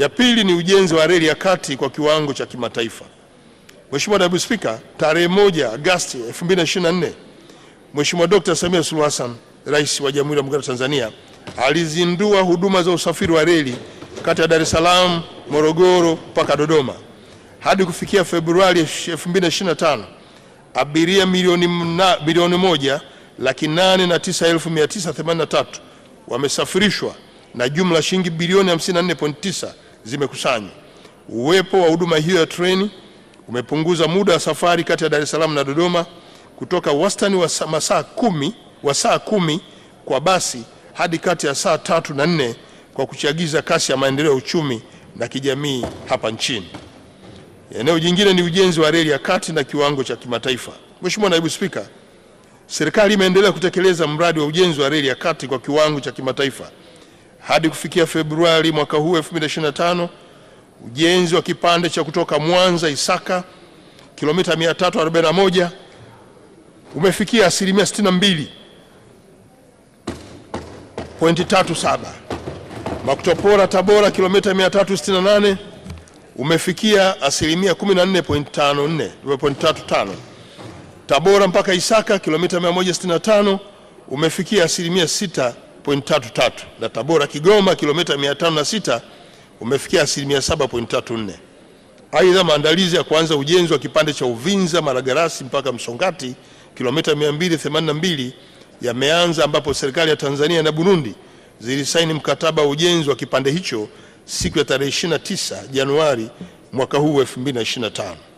Ya pili ni ujenzi wa reli ya kati kwa kiwango cha kimataifa. Mheshimiwa Naibu Spika, tarehe moja Agosti 2024 Mheshimiwa Dkt. Samia Suluhu Hassan, Rais wa Jamhuri ya Muungano wa Tanzania, alizindua huduma za usafiri wa reli kati ya Dar es Salaam, Morogoro mpaka Dodoma. Hadi kufikia Februari 2025 abiria milioni, mna, milioni moja laki nane na tisa elfu mia tisa themanini na tatu wamesafirishwa na jumla shilingi bilioni 54.9 zimekusanywa. Uwepo wa huduma hiyo ya treni umepunguza muda wa safari kati ya Dar es Salaam na Dodoma kutoka wastani wa masaa kumi, wa saa kumi kwa basi hadi kati ya saa tatu na nne kwa kuchagiza kasi ya maendeleo ya uchumi na kijamii hapa nchini. Eneo jingine ni ujenzi wa reli ya kati na kiwango cha kimataifa. Mheshimiwa Naibu Spika, serikali imeendelea kutekeleza mradi wa ujenzi wa reli ya kati kwa kiwango cha kimataifa hadi kufikia Februari mwaka huu 2025, ujenzi wa kipande cha kutoka Mwanza Isaka kilomita 341 umefikia asilimia 62.37. Makutopora Tabora kilomita 368 umefikia asilimia 14.54.35. Eh, Tabora mpaka Isaka kilomita 165 umefikia asilimia 6 7.33 na Tabora Kigoma kilomita 506 umefikia asilimia 7.34. Aidha, maandalizi ya kuanza ujenzi wa kipande cha Uvinza maragarasi mpaka Msongati kilomita 282 yameanza ambapo serikali ya Tanzania na Burundi zilisaini mkataba wa ujenzi wa kipande hicho siku ya tarehe 29 Januari mwaka huu 2025.